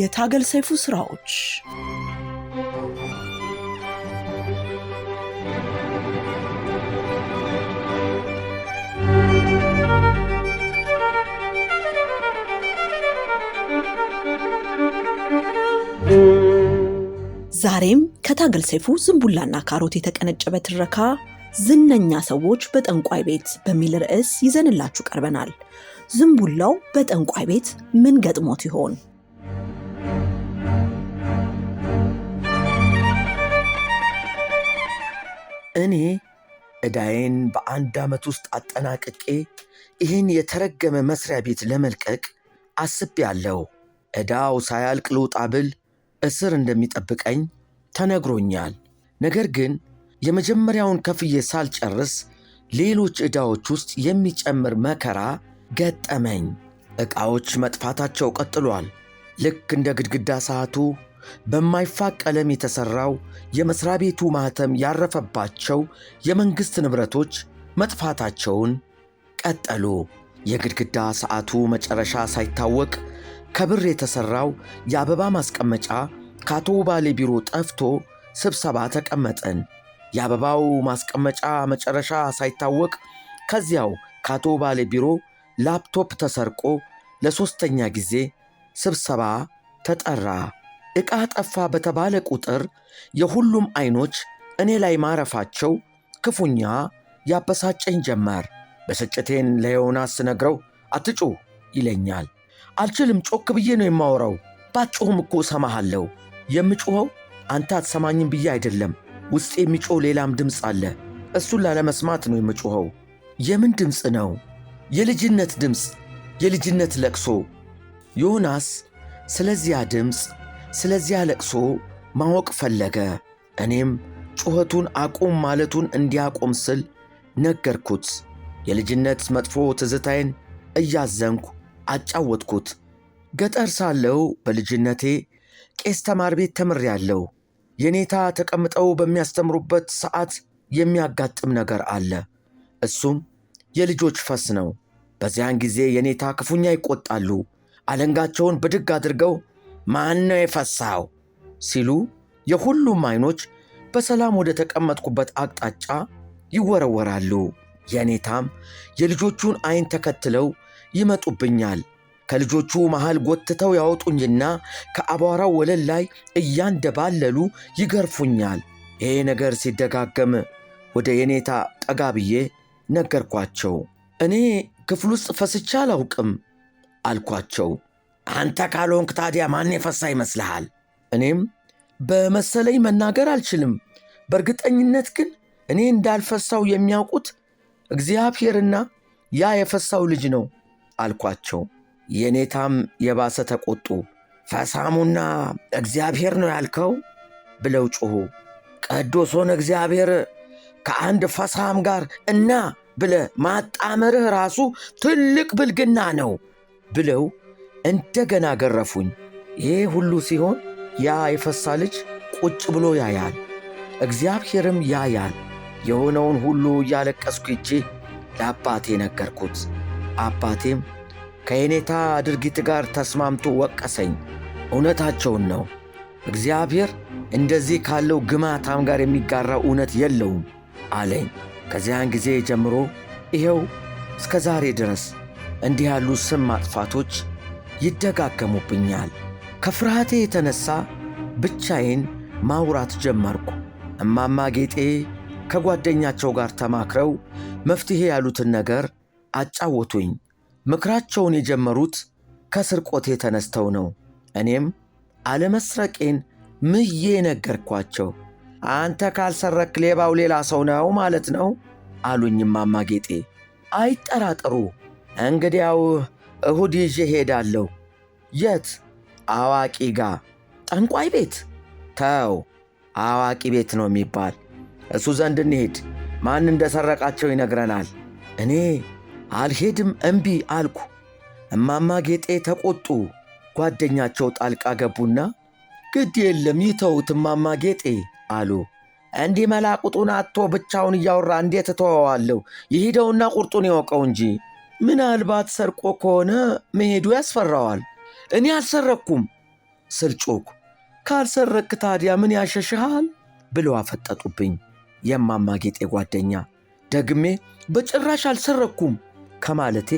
የታገል ሰይፉ ስራዎች ዛሬም ከታገል ሰይፉ ዝንቡላና ካሮት የተቀነጨበ ትረካ ዝነኛ ሰዎች በጠንቋይ ቤት በሚል ርዕስ ይዘንላችሁ ቀርበናል። ዝንቡላው በጠንቋይ ቤት ምን ገጥሞት ይሆን? ዕዳዬን በአንድ ዓመት ውስጥ አጠናቅቄ ይህን የተረገመ መስሪያ ቤት ለመልቀቅ አስቤያለሁ። ዕዳው ሳያልቅ ልውጣ ብል እስር እንደሚጠብቀኝ ተነግሮኛል። ነገር ግን የመጀመሪያውን ከፍዬ ሳልጨርስ ሌሎች ዕዳዎች ውስጥ የሚጨምር መከራ ገጠመኝ። ዕቃዎች መጥፋታቸው ቀጥሏል። ልክ እንደ ግድግዳ ሰዓቱ በማይፋቅ ቀለም የተሠራው የመሥሪያ ቤቱ ማኅተም ያረፈባቸው የመንግሥት ንብረቶች መጥፋታቸውን ቀጠሉ። የግድግዳ ሰዓቱ መጨረሻ ሳይታወቅ ከብር የተሠራው የአበባ ማስቀመጫ ከአቶ ባሌ ቢሮ ጠፍቶ ስብሰባ ተቀመጠን። የአበባው ማስቀመጫ መጨረሻ ሳይታወቅ ከዚያው ከአቶ ባሌ ቢሮ ላፕቶፕ ተሰርቆ ለሦስተኛ ጊዜ ስብሰባ ተጠራ። ዕቃ ጠፋ በተባለ ቁጥር የሁሉም ዐይኖች እኔ ላይ ማረፋቸው ክፉኛ ያበሳጨኝ ጀመር። ብስጭቴን ለዮናስ ስነግረው አትጩህ ይለኛል። አልችልም፣ ጮክ ብዬ ነው የማወራው። ባጭሁም እኮ እሰማሃለሁ። የምጮኸው አንተ አትሰማኝም ብዬ አይደለም። ውስጤ የሚጮህ ሌላም ድምፅ አለ። እሱን ላለመስማት ነው የምጮኸው። የምን ድምፅ ነው? የልጅነት ድምፅ፣ የልጅነት ለቅሶ። ዮናስ ስለዚያ ድምፅ ስለዚያ ለቅሶ ማወቅ ፈለገ። እኔም ጩኸቱን አቁም ማለቱን እንዲያቆም ስል ነገርኩት። የልጅነት መጥፎ ትዝታዬን እያዘንኩ አጫወትኩት። ገጠር ሳለው በልጅነቴ ቄስ ተማር ቤት ተምሬያለሁ። የኔታ ተቀምጠው በሚያስተምሩበት ሰዓት የሚያጋጥም ነገር አለ። እሱም የልጆች ፈስ ነው። በዚያን ጊዜ የኔታ ክፉኛ ይቆጣሉ። አለንጋቸውን ብድግ አድርገው ማን ነው የፈሳው? ሲሉ የሁሉም አይኖች በሰላም ወደ ተቀመጥኩበት አቅጣጫ ይወረወራሉ። የኔታም የልጆቹን አይን ተከትለው ይመጡብኛል። ከልጆቹ መሃል ጎትተው ያወጡኝና ከአቧራው ወለል ላይ እያንደባለሉ ይገርፉኛል። ይሄ ነገር ሲደጋገም ወደ የኔታ ጠጋ ብዬ ነገርኳቸው። እኔ ክፍል ውስጥ ፈስቻ አላውቅም አልኳቸው። አንተ ካልሆንክ ታዲያ ማን የፈሳ ይመስልሃል? እኔም በመሰለኝ መናገር አልችልም። በእርግጠኝነት ግን እኔ እንዳልፈሳው የሚያውቁት እግዚአብሔርና ያ የፈሳው ልጅ ነው አልኳቸው። የኔታም የባሰ ተቆጡ። ፈሳሙና እግዚአብሔር ነው ያልከው ብለው ጮኹ። ቅዱሱን እግዚአብሔር ከአንድ ፈሳም ጋር እና ብለ ማጣመርህ ራሱ ትልቅ ብልግና ነው ብለው እንደገና ገረፉኝ። ይሄ ሁሉ ሲሆን ያ የፈሳ ልጅ ቁጭ ብሎ ያያል፣ እግዚአብሔርም ያያል። የሆነውን ሁሉ እያለቀስኩ ሄጄ ለአባቴ ነገርኩት። አባቴም ከየኔታ ድርጊት ጋር ተስማምቶ ወቀሰኝ። እውነታቸውን ነው። እግዚአብሔር እንደዚህ ካለው ግማታም ጋር የሚጋራ እውነት የለውም አለኝ። ከዚያን ጊዜ ጀምሮ ይኸው እስከ ዛሬ ድረስ እንዲህ ያሉ ስም ማጥፋቶች ይደጋገሙብኛል። ከፍርሃቴ የተነሣ ብቻዬን ማውራት ጀመርኩ። እማማ ጌጤ ከጓደኛቸው ጋር ተማክረው መፍትሔ ያሉትን ነገር አጫወቱኝ። ምክራቸውን የጀመሩት ከስርቆቴ ተነስተው ነው። እኔም አለመስረቄን ምዬ ነገርኳቸው። አንተ ካልሰረክ ሌባው ሌላ ሰው ነው ማለት ነው አሉኝ እማማ ጌጤ። አይጠራጠሩ እንግዲያው እሁድ ይዤ ሄዳለሁ። የት? አዋቂ ጋ። ጠንቋይ ቤት? ተው፣ አዋቂ ቤት ነው የሚባል። እሱ ዘንድ እንሄድ። ማን እንደሰረቃቸው ይነግረናል። እኔ አልሄድም እምቢ አልኩ። እማማ ጌጤ ተቆጡ። ጓደኛቸው ጣልቃ ገቡና ግድ የለም ይተውት እማማ ጌጤ አሉ። እንዲህ መላቁጡን አጥቶ ብቻውን እያወራ እንዴት እተወዋለሁ? ይሂደውና ቁርጡን ይወቀው እንጂ ምናልባት ሰርቆ ከሆነ መሄዱ ያስፈራዋል። እኔ አልሰረቅኩም ስል ጮኩ። ካልሰረክ ታዲያ ምን ያሸሽሃል ብለው አፈጠጡብኝ። የማማጌጤ ጌጤ ጓደኛ ደግሜ በጭራሽ አልሰረቅኩም ከማለቴ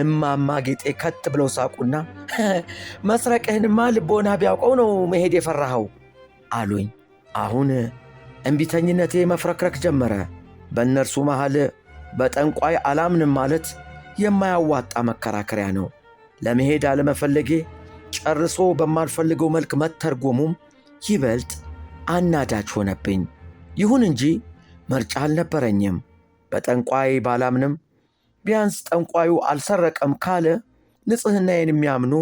እማማ ጌጤ ከት ብለው ሳቁና መስረቅህንማ ልቦና ቢያውቀው ነው መሄድ የፈራኸው አሉኝ። አሁን እምቢተኝነቴ መፍረክረክ ጀመረ። በእነርሱ መሃል በጠንቋይ አላምንም ማለት የማያዋጣ መከራከሪያ ነው። ለመሄድ አለመፈለጌ ጨርሶ በማልፈልገው መልክ መተርጎሙም ይበልጥ አናዳጅ ሆነብኝ። ይሁን እንጂ ምርጫ አልነበረኝም። በጠንቋይ ባላምንም ቢያንስ ጠንቋዩ አልሰረቀም ካለ ንጽሕናዬን የሚያምኑ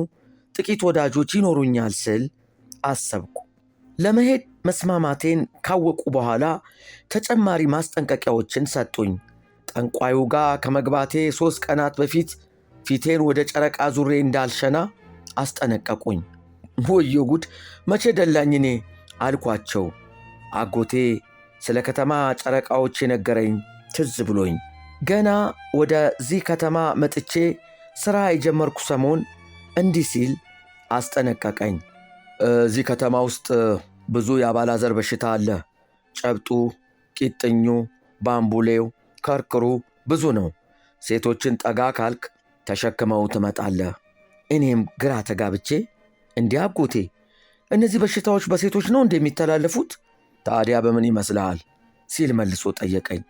ጥቂት ወዳጆች ይኖሩኛል ስል አሰብኩ። ለመሄድ መስማማቴን ካወቁ በኋላ ተጨማሪ ማስጠንቀቂያዎችን ሰጡኝ። ጠንቋዩ ጋር ከመግባቴ ሦስት ቀናት በፊት ፊቴን ወደ ጨረቃ ዙሬ እንዳልሸና አስጠነቀቁኝ። ወዮ ጉድ! መቼ ደላኝ እኔ አልኳቸው። አጎቴ ስለ ከተማ ጨረቃዎች የነገረኝ ትዝ ብሎኝ ገና ወደዚህ ከተማ መጥቼ ሥራ የጀመርኩ ሰሞን እንዲህ ሲል አስጠነቀቀኝ። እዚህ ከተማ ውስጥ ብዙ የአባላዘር በሽታ አለ። ጨብጡ፣ ቂጥኙ፣ ባምቡሌው ከርቅሩ ብዙ ነው። ሴቶችን ጠጋ ካልክ ተሸክመው ትመጣለህ። እኔም ግራ ተጋብቼ እንዲህ አጎቴ፣ እነዚህ በሽታዎች በሴቶች ነው እንደሚተላለፉት ታዲያ በምን ይመስልሃል? ሲል መልሶ ጠየቀኝ።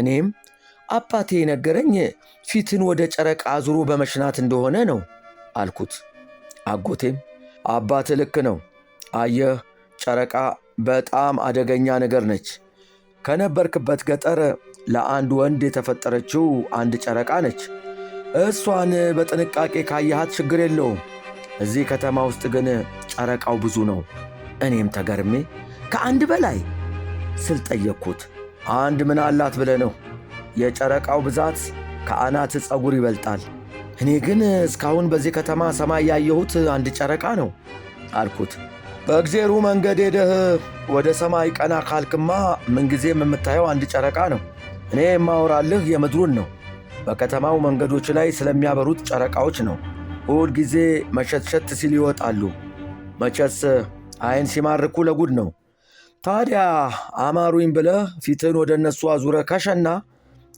እኔም አባቴ የነገረኝ ፊትን ወደ ጨረቃ አዙሮ በመሽናት እንደሆነ ነው አልኩት። አጎቴም አባት ልክ ነው፣ አየህ ጨረቃ በጣም አደገኛ ነገር ነች። ከነበርክበት ገጠር ለአንድ ወንድ የተፈጠረችው አንድ ጨረቃ ነች። እሷን በጥንቃቄ ካየሃት ችግር የለውም። እዚህ ከተማ ውስጥ ግን ጨረቃው ብዙ ነው። እኔም ተገርሜ ከአንድ በላይ ስል ጠየቅኩት። አንድ ምን አላት ብለህ ነው? የጨረቃው ብዛት ከአናት ፀጉር ይበልጣል። እኔ ግን እስካሁን በዚህ ከተማ ሰማይ ያየሁት አንድ ጨረቃ ነው አልኩት። በእግዜሩ መንገድ ሄደህ ወደ ሰማይ ቀና ካልክማ ምንጊዜም የምታየው አንድ ጨረቃ ነው እኔ የማወራልህ የምድሩን ነው። በከተማው መንገዶች ላይ ስለሚያበሩት ጨረቃዎች ነው። እሁድ ጊዜ መሸትሸት ሲል ይወጣሉ። መቼስ ዐይን ሲማርኩ ለጉድ ነው። ታዲያ አማሩኝ ብለህ ፊትህን ወደ እነሱ አዙረ ከሸና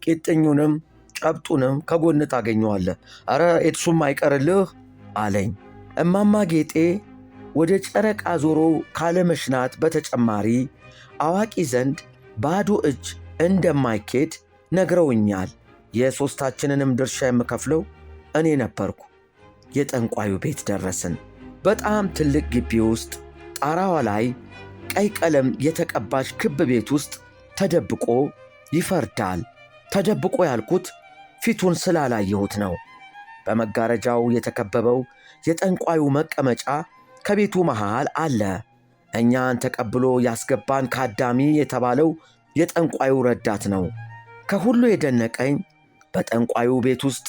ቂጥኙንም ጨብጡንም ከጎን ታገኘዋለህ። ኧረ ኤትሱም አይቀርልህ አለኝ። እማማ ጌጤ ወደ ጨረቃ ዞሮ ካለመሽናት በተጨማሪ አዋቂ ዘንድ ባዶ እጅ እንደማይኬድ ነግረውኛል። የሦስታችንንም ድርሻ የምከፍለው እኔ ነበርኩ። የጠንቋዩ ቤት ደረስን። በጣም ትልቅ ግቢ ውስጥ ጣራዋ ላይ ቀይ ቀለም የተቀባች ክብ ቤት ውስጥ ተደብቆ ይፈርዳል። ተደብቆ ያልኩት ፊቱን ስላላየሁት ነው። በመጋረጃው የተከበበው የጠንቋዩ መቀመጫ ከቤቱ መሃል አለ። እኛን ተቀብሎ ያስገባን ካዳሚ የተባለው የጠንቋዩ ረዳት ነው። ከሁሉ የደነቀኝ በጠንቋዩ ቤት ውስጥ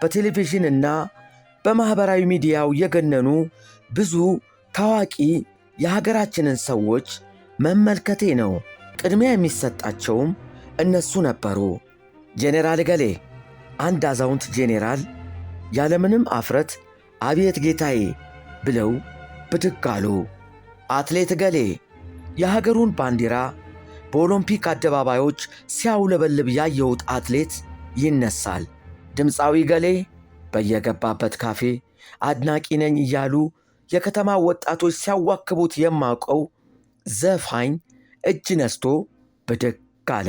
በቴሌቪዥንና በማኅበራዊ ሚዲያው የገነኑ ብዙ ታዋቂ የሀገራችንን ሰዎች መመልከቴ ነው። ቅድሚያ የሚሰጣቸውም እነሱ ነበሩ። ጄኔራል ገሌ አንድ አዛውንት ጄኔራል ያለምንም አፍረት አቤት ጌታዬ ብለው ብድግ አሉ። አትሌት ገሌ የሀገሩን ባንዲራ በኦሎምፒክ አደባባዮች ሲያውለበልብ ያየሁት አትሌት ይነሳል። ድምፃዊ ገሌ በየገባበት ካፌ አድናቂ ነኝ እያሉ የከተማ ወጣቶች ሲያዋክቡት የማውቀው ዘፋኝ እጅ ነስቶ ብድግ አለ።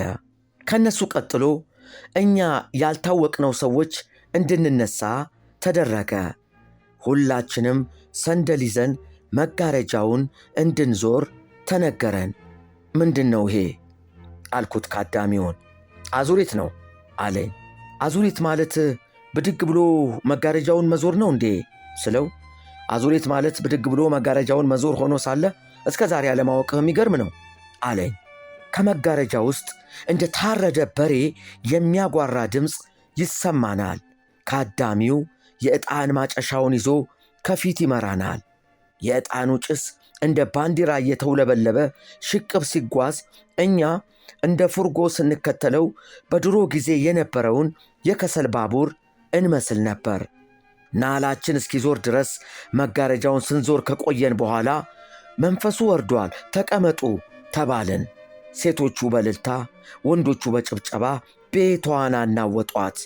ከእነሱ ቀጥሎ እኛ ያልታወቅነው ሰዎች እንድንነሳ ተደረገ። ሁላችንም ሰንደል ይዘን መጋረጃውን እንድንዞር ተነገረን። ምንድን ነው ይሄ አልኩት። ካዳሚውን አዙሪት ነው አለኝ። አዙሪት ማለት ብድግ ብሎ መጋረጃውን መዞር ነው እንዴ ስለው አዙሪት ማለት ብድግ ብሎ መጋረጃውን መዞር ሆኖ ሳለ እስከ ዛሬ አለማወቅህ የሚገርም ነው አለኝ። ከመጋረጃ ውስጥ እንደ ታረደ በሬ የሚያጓራ ድምፅ ይሰማናል። ካዳሚው የዕጣን ማጨሻውን ይዞ ከፊት ይመራናል። የዕጣኑ ጭስ እንደ ባንዲራ እየተውለበለበ ሽቅብ ሲጓዝ እኛ እንደ ፉርጎ ስንከተለው በድሮ ጊዜ የነበረውን የከሰል ባቡር እንመስል ነበር። ናላችን እስኪዞር ድረስ መጋረጃውን ስንዞር ከቆየን በኋላ መንፈሱ ወርዷል፣ ተቀመጡ ተባልን። ሴቶቹ በልልታ ወንዶቹ በጭብጨባ ቤቷን አናወጧት።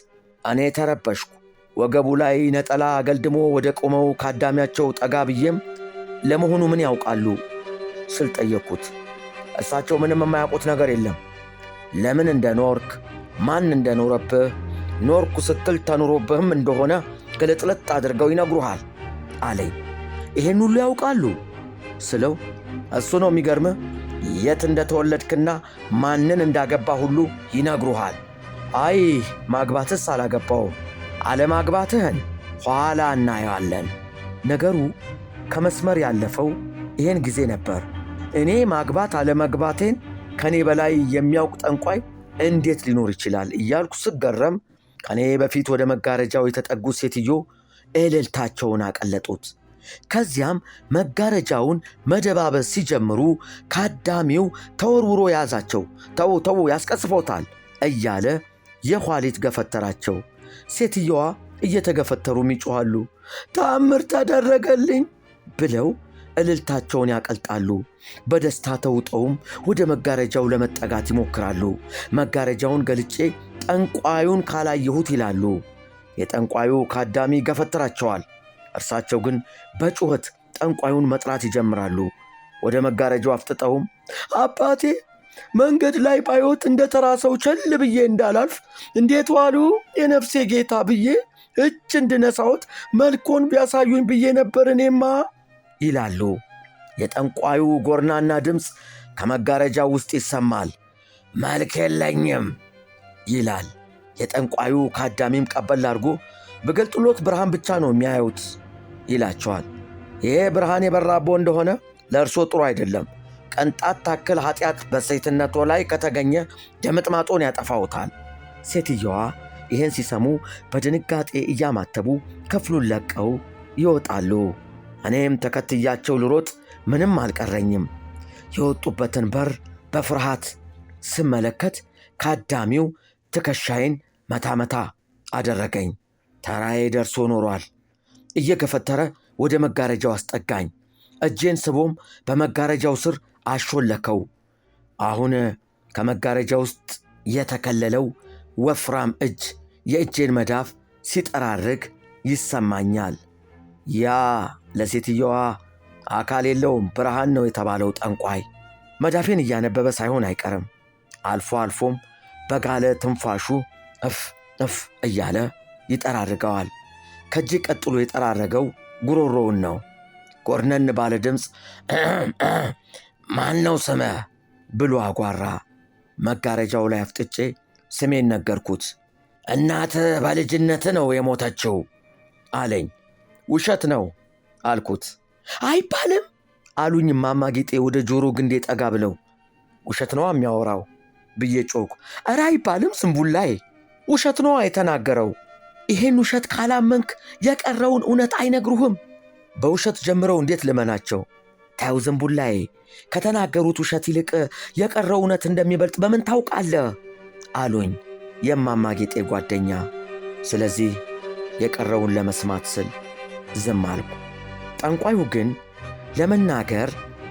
እኔ ተረበሽኩ። ወገቡ ላይ ነጠላ አገልድሞ ወደ ቆመው ካዳሚያቸው ጠጋ ብዬም ለመሆኑ ምን ያውቃሉ ስል ጠየቅኩት። እሳቸው ምንም የማያውቁት ነገር የለም። ለምን እንደ ኖርክ፣ ማን እንደ ኖረብህ፣ ኖርኩ ስትል ተኑሮብህም እንደሆነ ግልጥልጥ አድርገው ይነግሩሃል አለኝ። ይሄን ሁሉ ያውቃሉ ስለው እሱ ነው የሚገርምህ የት እንደተወለድክና ማንን እንዳገባ ሁሉ ይነግሩሃል። አይ ማግባትስ አላገባውም፣ አለማግባትህን ኋላ እናየዋለን። ነገሩ ከመስመር ያለፈው ይሄን ጊዜ ነበር። እኔ ማግባት አለመግባቴን ከኔ በላይ የሚያውቅ ጠንቋይ እንዴት ሊኖር ይችላል እያልኩ ስገረም ከኔ በፊት ወደ መጋረጃው የተጠጉ ሴትዮ እልልታቸውን አቀለጡት። ከዚያም መጋረጃውን መደባበስ ሲጀምሩ ካዳሚው ተወርውሮ ያዛቸው። ተው ተው ያስቀስፎታል እያለ የኋሊት ገፈተራቸው። ሴትየዋ እየተገፈተሩም ይጮኋሉ። ተአምር ተደረገልኝ ብለው እልልታቸውን ያቀልጣሉ። በደስታ ተውጠውም ወደ መጋረጃው ለመጠጋት ይሞክራሉ። መጋረጃውን ገልጬ ጠንቋዩን ካላየሁት ይላሉ። የጠንቋዩ ካዳሚ ገፈትራቸዋል። እርሳቸው ግን በጩኸት ጠንቋዩን መጥራት ይጀምራሉ። ወደ መጋረጃው አፍጥጠውም አባቴ መንገድ ላይ ባዮት እንደ ተራ ሰው ቸል ብዬ እንዳላልፍ እንዴት ዋሉ የነፍሴ ጌታ ብዬ እጅ እንድነሳውት መልኮን ቢያሳዩኝ ብዬ ነበር እኔማ ይላሉ። የጠንቋዩ ጎርናና ድምፅ ከመጋረጃው ውስጥ ይሰማል። መልክ የለኝም ይላል። የጠንቋዩ ከአዳሚም ቀበል አድርጎ በገልጥሎት ብርሃን ብቻ ነው የሚያዩት ይላቸዋል። ይሄ ብርሃን የበራቦ እንደሆነ ለእርሶ ጥሩ አይደለም። ቅንጣት ታክል ኃጢአት በሴትነቶ ላይ ከተገኘ ደምጥማጦን ያጠፋውታል። ሴትየዋ ይህን ሲሰሙ በድንጋጤ እያማተቡ ክፍሉን ለቀው ይወጣሉ። እኔም ተከትያቸው ልሮጥ ምንም አልቀረኝም። የወጡበትን በር በፍርሃት ስመለከት ከአዳሚው ትከሻዬን መታመታ አደረገኝ። ተራዬ ደርሶ ኖሯል። እየገፈተረ ወደ መጋረጃው አስጠጋኝ። እጄን ስቦም በመጋረጃው ስር አሾለከው። አሁን ከመጋረጃ ውስጥ የተከለለው ወፍራም እጅ የእጄን መዳፍ ሲጠራርግ ይሰማኛል። ያ ለሴትየዋ አካል የለውም ብርሃን ነው የተባለው ጠንቋይ መዳፌን እያነበበ ሳይሆን አይቀርም። አልፎ አልፎም በጋለ ትንፋሹ እፍ እፍ እያለ ይጠራርገዋል። ከእጅ ቀጥሎ የጠራረገው ጉሮሮውን ነው። ጎርነን ባለ ድምፅ ማን ነው ስመ ብሎ አጓራ። መጋረጃው ላይ አፍጥጬ ስሜን ነገርኩት። እናት በልጅነት ነው የሞተችው አለኝ። ውሸት ነው አልኩት። አይባልም አሉኝ እማማ ጌጤ ወደ ጆሮ ግንዴ ጠጋ ብለው። ውሸት ነዋ የሚያወራው ብዬ ጮኩ። እረ አይባልም ዝንቡላዬ፣ ውሸት ነዋ የተናገረው። ይሄን ውሸት ካላመንክ የቀረውን እውነት አይነግሩህም። በውሸት ጀምረው እንዴት ልመናቸው? ታዩ ዝንቡላዬ፣ ከተናገሩት ውሸት ይልቅ የቀረው እውነት እንደሚበልጥ በምን ታውቃለህ? አሉኝ የማማ ጌጤ ጓደኛ። ስለዚህ የቀረውን ለመስማት ስል ዝም አልኩ። ጠንቋዩ ግን ለመናገር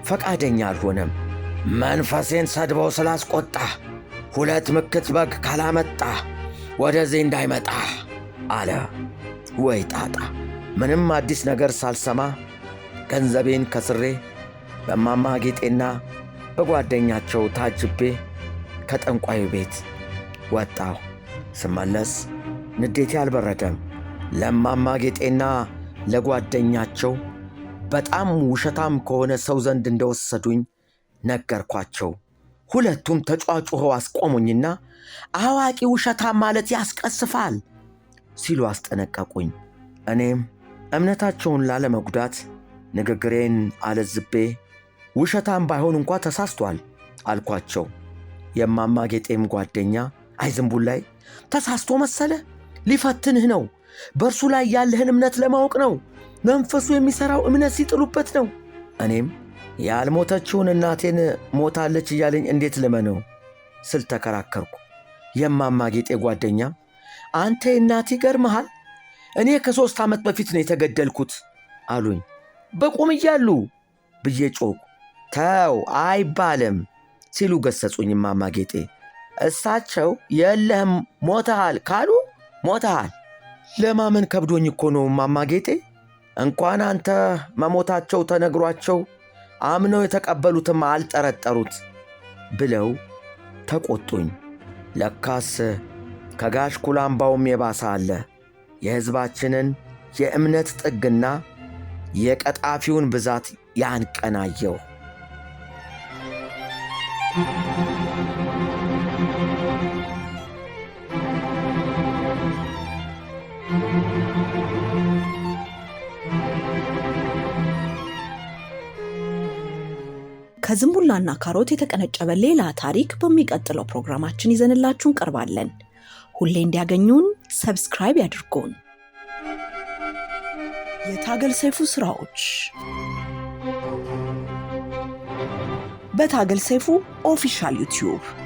ፈቃደኛ አልሆነም። መንፈሴን ሰድበው ስላስቆጣ ሁለት ምክት በግ ካላመጣ ወደዚህ እንዳይመጣ አለ። ወይ ጣጣ! ምንም አዲስ ነገር ሳልሰማ ገንዘቤን ከስሬ በማማ ጌጤና በጓደኛቸው ታጅቤ ከጠንቋዩ ቤት ወጣሁ። ስመለስ ንዴቴ አልበረደም። ለማማ ጌጤና ለጓደኛቸው በጣም ውሸታም ከሆነ ሰው ዘንድ እንደወሰዱኝ ነገርኳቸው። ሁለቱም ተጫጩኸው አስቆሙኝና አዋቂ ውሸታም ማለት ያስቀስፋል ሲሉ አስጠነቀቁኝ። እኔም እምነታቸውን ላለመጉዳት ንግግሬን አለዝቤ ውሸታም ባይሆን እንኳ ተሳስቷል አልኳቸው። የማማ ጌጤም ጓደኛ አይ ላይ ተሳስቶ መሰለ ሊፈትንህ ነው፣ በእርሱ ላይ ያለህን እምነት ለማወቅ ነው መንፈሱ የሚሠራው እምነት ሲጥሉበት ነው። እኔም ያልሞተችውን እናቴን ሞታለች እያለኝ እንዴት ልመነው ስል ተከራከርኩ። የማማ ጌጤ ጓደኛም አንተ እናት ይገርመሃል፣ እኔ ከሦስት ዓመት በፊት ነው የተገደልኩት አሉኝ። በቁም እያሉ ብዬ ጮኩ። ተው አይባልም ሲሉ ገሰጹኝ። እማማ ጌጤ እሳቸው የለህም ሞተሃል ካሉ ሞተሃል። ለማመን ከብዶኝ እኮ ነው እማማ ጌጤ እንኳን አንተ መሞታቸው ተነግሯቸው አምነው የተቀበሉትም አልጠረጠሩት ብለው ተቆጡኝ። ለካስ ከጋሽ ኩላምባውም የባሰ አለ። የሕዝባችንን የእምነት ጥግና የቀጣፊውን ብዛት ያንቀናየው ከዝንቡላና ካሮት የተቀነጨበ ሌላ ታሪክ በሚቀጥለው ፕሮግራማችን ይዘንላችሁ እንቀርባለን። ሁሌ እንዲያገኙን ሰብስክራይብ ያድርጉን። የታገል ሰይፉ ስራዎች በታገል ሰይፉ ኦፊሻል ዩቲዩብ